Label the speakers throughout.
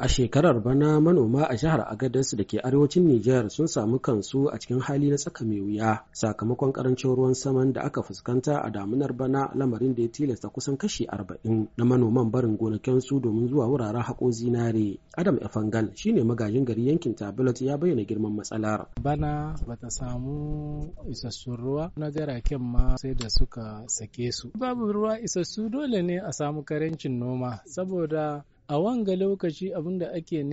Speaker 1: A shekarar bana manoma a jihar Agadez da ke arewacin Nijar sun samu kansu a cikin hali na tsaka mai wuya sakamakon karancin ruwan saman da aka fuskanta a damunar bana lamarin da ya tilasta kusan kashi arba'in na manoman barin gonakinsu domin zuwa wuraren haƙo zinare. Adam Efangal shine magajin gari yankin Tabilat ya bayyana girman matsalar.
Speaker 2: Bana bata samu isassun ruwa na garaken ma sai da suka sake su. Babu ruwa isassu dole ne a samu karancin noma saboda a wanga lokaci abinda ake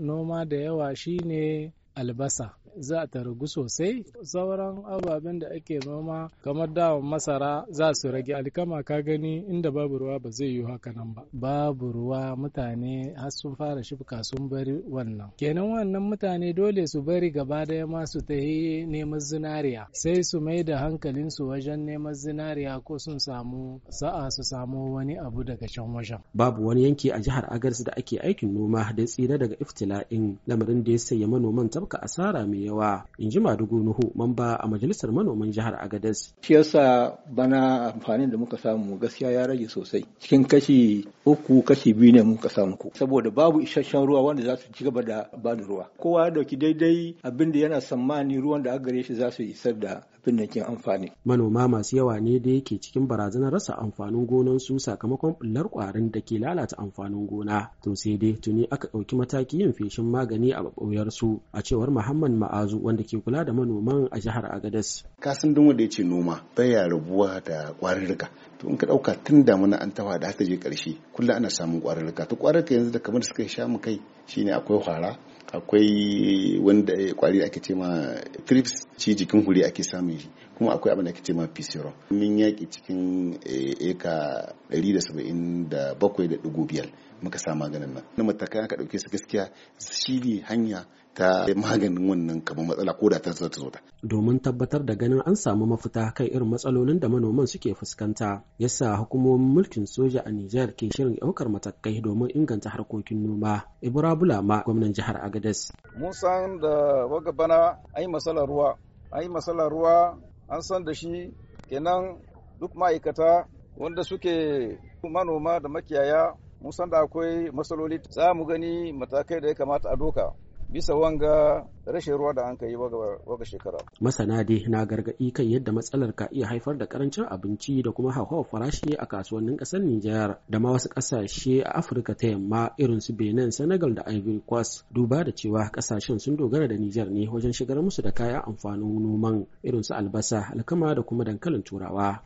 Speaker 2: noma da yawa shine albasa za ta ragu sosai sauran ababen da ake noma kamar dawon masara za su rage alkama ka gani inda babu ruwa ba zai yi haka nan ba babu ruwa mutane har sun fara shifka sun bari wannan kenan wannan mutane dole su bari gaba daya ma su ta yi neman zinariya sai su mai da hankalin su wajen neman zinariya ko sun samu sa'a su samu wani abu daga can wajen
Speaker 1: babu wani yanki a jihar agarsu da ake aikin noma da tsira daga iftila'in lamarin da ya sanya manoman tabka asara mai yawa Yawa in ji madugu nuhu
Speaker 3: mamba a majalisar manoman jihar agadez shi bana amfanin da muka samu gaskiya ya rage sosai cikin kashi uku kashi biyu ne muka samu ku saboda babu isasshen ruwa wanda za su ci gaba da bada ruwa kowa ya dauki daidai abin da yana tsammani ruwan da aka gare shi za su isar da binnakin amfani.
Speaker 1: Manoma masu yawa ne da yake cikin barazanar rasa amfanin su sakamakon bullar kwarin da ke lalata amfanin gona. To sai dai tuni aka ɗauki mataki yin feshin magani a su a cewar Muhammad Ma'azu wanda ke kula da manoman
Speaker 4: a jihar Agadez. Kasan don wanda ya ce noma baya rabuwa da kwarirrika. To in ka ɗauka tun damuna an tawa da haka je ƙarshe kullum ana samun kwarirrika. To kwarirrika yanzu da kamar suka sha mu kai shine akwai hwara akwai wanda kwari ake ce ma thrips ci jikin huri ake samun shi kuma akwai abin da ake ce ma pcr min yaki cikin eh, eka 177.5 muka sa maganin nan na matakan aka dauke su gaskiya shi ne hanya ta maganin wannan kamar matsala ko da ta zo zo ta.
Speaker 1: Domin tabbatar da ganin an samu mafita kan irin matsalolin da manoman suke fuskanta, yasa hukumomin mulkin soja a Nijar ke shirin ɗaukar matakai domin inganta harkokin noma. Ibra Bulama, gwamnan jihar Agadez.
Speaker 5: Mun san da waga bana an yi matsalar ruwa, an yi matsalar ruwa an san da shi kenan duk ma'aikata wanda suke manoma da makiyaya mun san da akwai matsaloli za mu gani matakai da ya kamata a doka bisa wanga rashin ruwa da hankali waga shekara.
Speaker 1: Masana dai na gargaɗi kan yadda matsalar ka iya haifar da karancin abinci da kuma hauhawar farashi a kasuwannin ƙasar Nijar da ma wasu ƙasashe a Afirka ta yamma irin su Benin, Senegal da Ivory Coast duba da cewa ƙasashen sun dogara da Nijar ne wajen shigar musu da kayan amfanin noman irin su albasa, alkama da kuma dankalin turawa.